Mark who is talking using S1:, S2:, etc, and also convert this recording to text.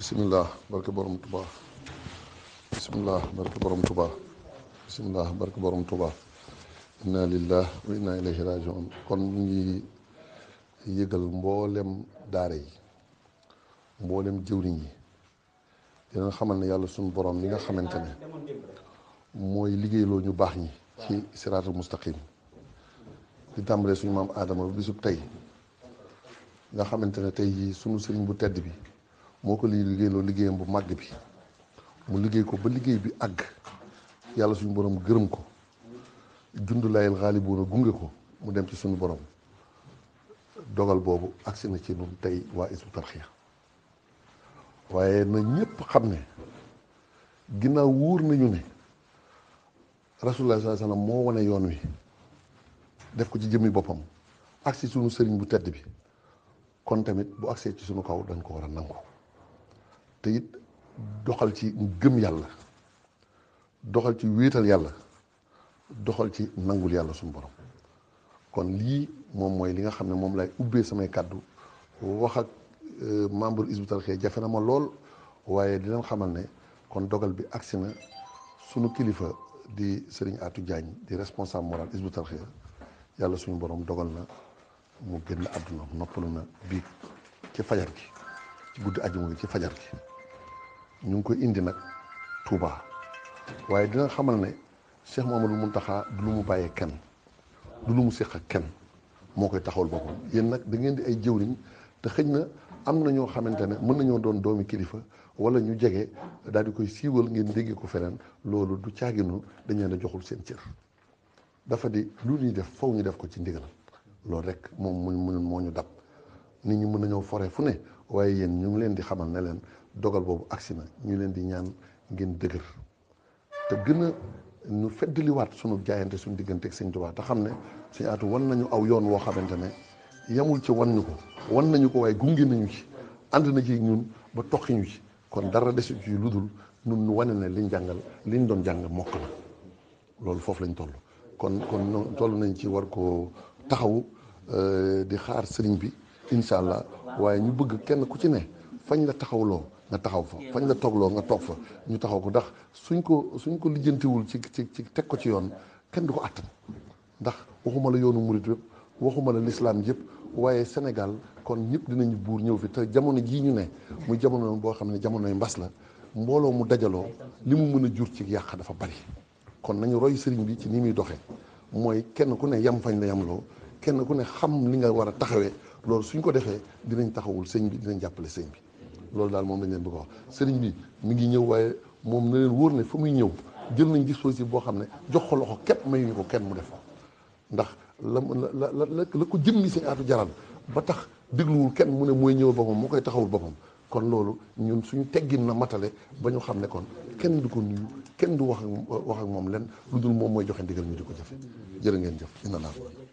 S1: bisimilah barke borom Touba bisimilah barke borom Touba bisimilah barke borom Touba inna lillah wa inna ilayhi rajiun kon ñu ngi yëgal mboolem daara yi mboolem jëwriñ yi dinañ xamal ne yàlla suñu borom mi nga xamante ne mooy liggéeyloo ñu baax ñi ci siraatul mustaqim di tàmbalee suñu maam aadama ba bisub tey nga xamante ne tey jii suñu sëriñ bu tedd bi moo ko lii liggéeyloo liggéeyam bu màgg bi mu liggéey ko ba liggéey bi àgg yàlla suñu borom gërëm ko jund layel a gunge ko mu dem ci suñu borom dogal boobu agsi na ci nun tey waa Hizbut Tarqiyyah waaye na ñépp xam ne ginnaaw wóor nañu ne rasulullah sallallahu moo wane yoon wi def ko ci jëmmi boppam agsi suñu sëriñ bu tedd bi kon tamit bu agsee ci suñu kaw dañ ko war a nangu te it doxal ci gëm yàlla doxal ci wéetal yàlla doxal ci nangul yàlla suñu borom kon lii moom mooy li nga xam ne moom lay ubbee samay kàddu wax ak euh, membre isbu talxee jafe na ma lool waaye di leen xamal ne kon dogal bi agsi na sunu kilifa di sering Atou Diagne di responsable moral isbu talxee yàlla suñu borom dogal na mu génn àdduna noppalu na ci fajar gi ci guddi àjjuma ci fajar gi ñu ngi koy indi nag Touba waaye dina xamal ne Cheikh Mouhamadou Mountakha du lu mu bàyyee kenn du lu mu séq ak kenn moo koy taxawal boppam yéen nag da ngeen di ay jëwriñ te xëñ na am na ñoo xamante ne mën nañoo doon doomi kilifa wala ñu jege daal di koy siiwal ngeen déggee ko feneen loolu du caaginu dañ leen a joxul seen cër dafa di lu ñuy def faw ñu def ko ci ndigal loolu rek moom mu moo ñu dab nit ñi mën nañoo fore fu ne waaye yéen ñu ngi leen di xamal ne leen dogal boobu agsi na ñu leen di ñaan ngeen dëgër te gën a ñu feddaliwaat suñu jaayante suñu digganteek ak sëñ Tuubaa te xam ne sëñ Aatu wan nañu aw yoon woo xamante ne yemul ci wan ñu ko wan nañu ko waaye gunge nañu ci ànd na ci ñun ba toqi ñu ci kon dara desu ci lu dul ñun ñu wane ne liñ jàngal liñ doon jàng mokk na loolu foofu lañ toll kon kon toll nañ ci war ko taxaw euh, di xaar sëriñ bi incha allah waaye ñu bëgg kenn ku ci ne fañ la taxawloo nga taxaw fa fañ la toogloo nga toog fa ñu taxaw ko ndax suñ ko suñ ko lijjantiwul ci ci ci teg ko ci yoon kenn du ko àttan ndax waxuma la yoonu murit yëpp waxuma la lislaam yëpp waaye Sénégal kon ñëpp dinañu buur ñëw fi te jamono jii ñu ne mu jamono boo xam ne jamonoy mbas la mbooloo mu dajaloo li mu mën a jur ci yàq dafa bari kon nañu roy sëriñ bi ci ni muy doxee mooy kenn ku ne yam fañ la yamloo kenn ku ne xam li nga war a taxawee loolu suñ ko defee dinañ taxawul sëñ bi dinañ jàppale sëñ bi loolu daal moom lañ leen bëgg a wax bi mi ngi ñëw waaye moom na leen wóor ne muy ñëw jël nañ dispositif boo xam ne jox ko loxo képp mayuñu ko kenn mu def ndax la la la la ko jëmmi sëñ aatu jaral ba tax dégluwul kenn mu ne mooy ñëwal boppam moo koy taxawul boppam kon loolu ñun suñu teggin na matale ba ñu xam ne kon kenn du ko nuyu kenn du wax ak wax ak moom len lu dul moom mooy joxe ndigal ñu di ko jafe jërë ngeen jëf inna laa